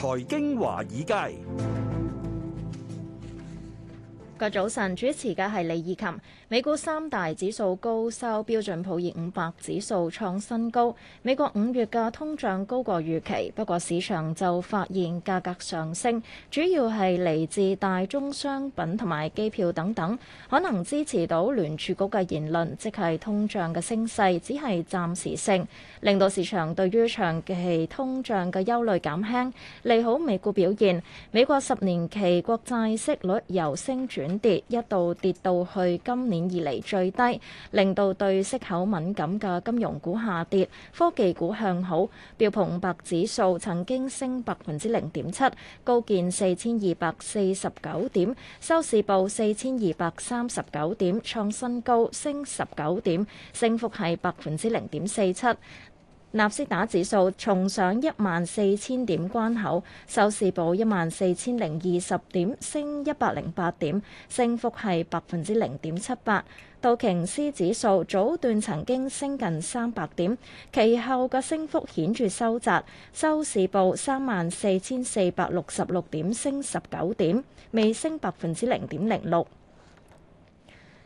財經華爾街。嘅早晨，主持嘅係李以琴。美股三大指數高收，標準普爾五百指數創新高。美國五月嘅通脹高過預期，不過市場就發現價格上升，主要係嚟自大宗商品同埋機票等等，可能支持到聯儲局嘅言論，即係通脹嘅升勢只係暫時性，令到市場對於長期通脹嘅憂慮減輕，利好美股表現。美國十年期國債息率由升轉。緊跌，一度跌到去今年以嚟最低，令到對息口敏感嘅金融股下跌，科技股向好。標普五百指數曾經升百分之零點七，高見四千二百四十九點，收市報四千二百三十九點，創新高升，升十九點，升幅係百分之零點四七。納斯達指數重上一萬四千點關口，收市報一萬四千零二十點，升一百零八點，升幅係百分之零點七八。道瓊斯指數早段曾經升近三百點，其後嘅升幅顯著收窄，收市報三萬四千四百六十六點，升十九點，微升百分之零點零六。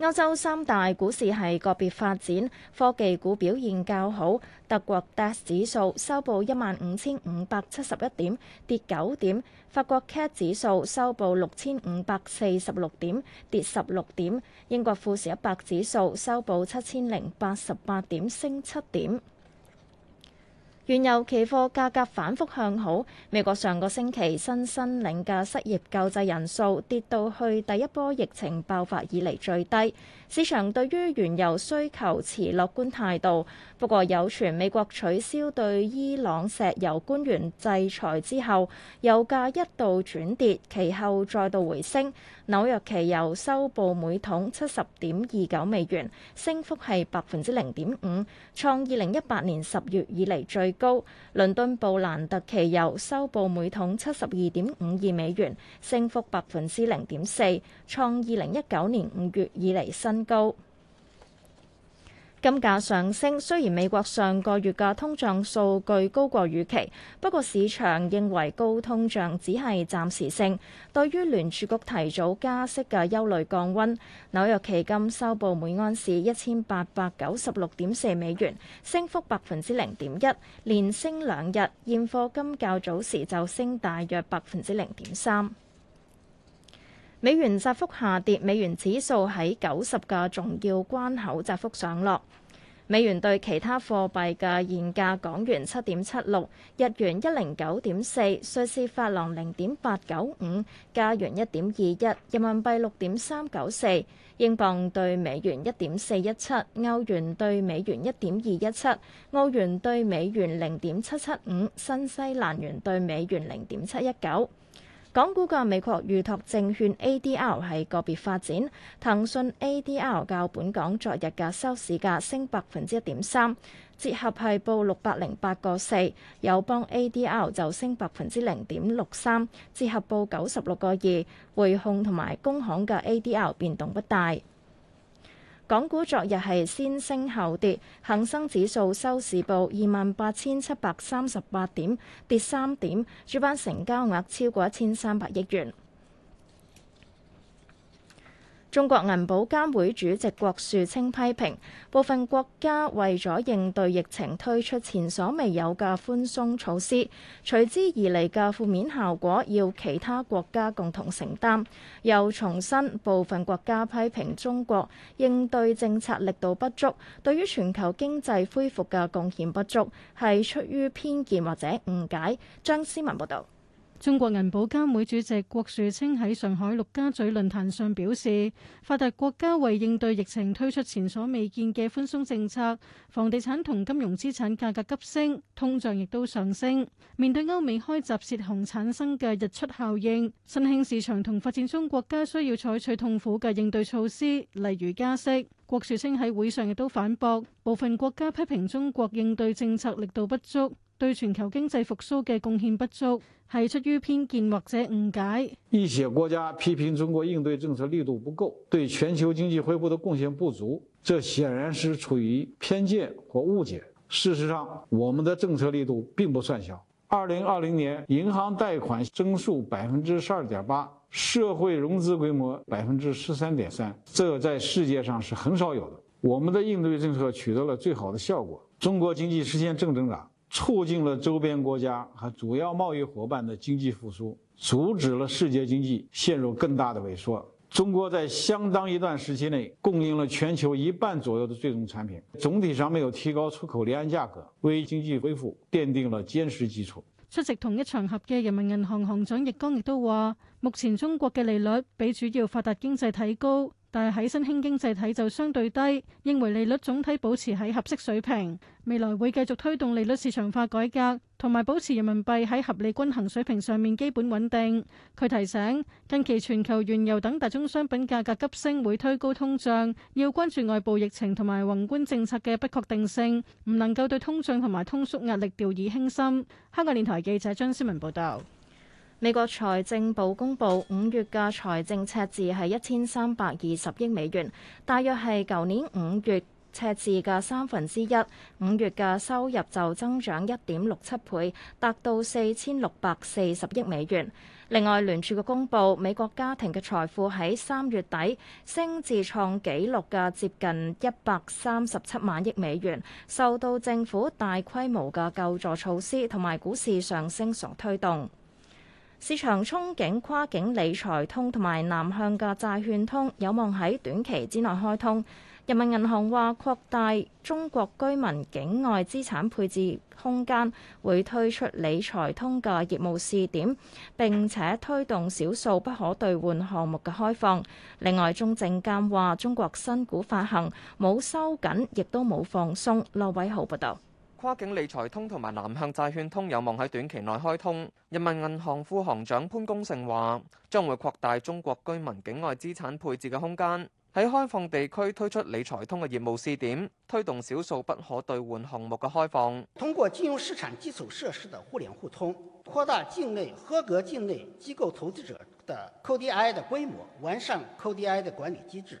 歐洲三大股市係個別發展，科技股表現較好。德國 DAX 指數收報一萬五千五百七十一點，跌九點；法國 CAC 指數收報六千五百四十六點，跌十六點；英國富時一百指數收報七千零八十八點，升七點。原油期貨價格反覆向好，美國上個星期新申領嘅失業救濟人數跌到去第一波疫情爆發以嚟最低，市場對於原油需求持樂觀態度。不過有傳美國取消對伊朗石油官員制裁之後，油價一度轉跌，其後再度回升。紐約期油收報每桶七十點二九美元，升幅係百分之零點五，創二零一八年十月以嚟最高，倫敦布蘭特期油收報每桶七十二點五二美元，升幅百分之零點四，創二零一九年五月以嚟新高。金價上升，雖然美國上個月嘅通脹數據高過預期，不過市場認為高通脹只係暫時性。對於聯儲局提早加息嘅憂慮降溫，紐約期金收報每安士一千八百九十六點四美元，升幅百分之零點一，連升兩日。現貨金較早時就升大約百分之零點三。美元窄幅下跌，美元指數喺九十個重要關口窄幅上落。美元對其他貨幣嘅現價：港元七點七六，日元一零九點四，瑞士法郎零點八九五，加元一點二一，人民幣六點三九四，英鎊對美元一點四一七，歐元對美元一點二一七，澳元對美元零點七七五，新西蘭元對美元零點七一九。港股嘅美國預託證券 ADR 係個別發展，騰訊 ADR 較本港昨日嘅收市價升百分之一點三，折合係報六百零八個四；友邦 ADR 就升百分之零點六三，折合報九十六個二；匯控同埋工行嘅 ADR 變動不大。港股昨日係先升後跌，恒生指數收市報二萬八千七百三十八點，跌三點，主板成交額超過一千三百億元。中國銀保監會主席郭樹清批評部分國家為咗應對疫情推出前所未有嘅寬鬆措施，隨之而嚟嘅負面效果要其他國家共同承擔。又重申部分國家批評中國應對政策力度不足，對於全球經濟恢復嘅貢獻不足，係出於偏見或者誤解。張思文報道。中國銀保監會主席郭樹清喺上海陸家嘴論壇上表示，發達國家為應對疫情推出前所未見嘅寬鬆政策，房地產同金融資產價格急升，通脹亦都上升。面對歐美開閘洩洪產生嘅日出效應，新興市場同發展中國家需要採取痛苦嘅應對措施，例如加息。郭樹清喺會上亦都反駁，部分國家批評中國應對政策力度不足。對全球經濟復甦的貢獻不足，是出於偏見或者誤解。一些國家批評中國應對政策力度不夠，對全球經濟恢復的貢獻不足，這顯然是出於偏見或誤解。事實上，我們的政策力度並不算小。二零二零年銀行貸款增速百分之十二點八，社會融資規模百分之十三點三，這在世界上是很少有的。我們的應對政策取得了最好的效果，中國經濟實現正增長。促進了周邊國家和主要貿易夥伴的經濟復甦，阻止了世界經濟陷入更大的萎縮。中國在相當一段時期內供應了全球一半左右的最終產品，總體上沒有提高出口離岸價格，為經濟恢復奠定了堅實基礎。出席同一場合嘅人民銀行行長易綱亦都話，目前中國嘅利率比主要發達經濟體高。但係喺新興經濟體就相對低，認為利率總體保持喺合適水平，未來會繼續推動利率市場化改革，同埋保持人民幣喺合理均衡水平上面基本穩定。佢提醒近期全球原油等大宗商品價格急升，會推高通脹，要關注外部疫情同埋宏觀政策嘅不確定性，唔能夠對通脹同埋通縮壓力掉以輕心。香港電台記者張思文報道。美國財政部公布五月嘅財政赤字係一千三百二十億美元，大約係舊年五月赤字嘅三分之一。五月嘅收入就增長一點六七倍，達到四千六百四十億美元。另外，聯儲嘅公佈，美國家庭嘅財富喺三月底升至創紀錄嘅接近一百三十七萬億美元，受到政府大規模嘅救助措施同埋股市上升所推動。市場憧憬跨境理財通同埋南向嘅債券通有望喺短期之內開通。人民銀行話擴大中國居民境外資產配置空間，會推出理財通嘅業務試點，並且推動少數不可兌換項目嘅開放。另外，中證監話中國新股發行冇收緊，亦都冇放鬆。劉偉豪報道。跨境理財通同埋南向債券通有望喺短期內開通。人民銀行副行長潘功勝話將會擴大中國居民境外資產配置嘅空間，喺開放地區推出理財通嘅業務試點，推動少數不可兌換項目嘅開放。通過金融市場基礎設施的互聯互通，擴大境內合格境內機構投資者的 QDII 的規模，完善 QDII 的管理機制。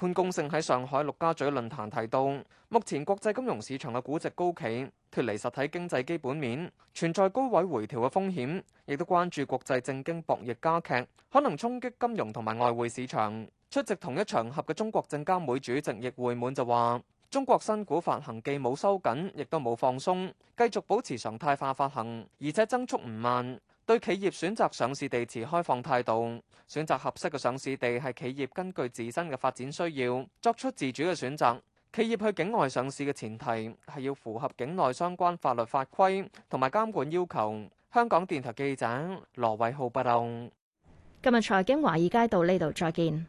潘功勝喺上海陸家嘴論壇提到，目前國際金融市場嘅估值高企，脫離實體經濟基本面，存在高位回調嘅風險，亦都關注國際政經博弈加劇，可能衝擊金融同埋外匯市場。出席同一場合嘅中國證監會主席易會滿就話，中國新股發行既冇收緊，亦都冇放鬆，繼續保持常態化發行，而且增速唔慢。對企業選擇上市地持開放態度，選擇合適嘅上市地係企業根據自身嘅發展需要作出自主嘅選擇。企業去境外上市嘅前提係要符合境內相關法律法規同埋監管要求。香港電台記者羅偉浩報道。今日財經華爾街到呢度，再見。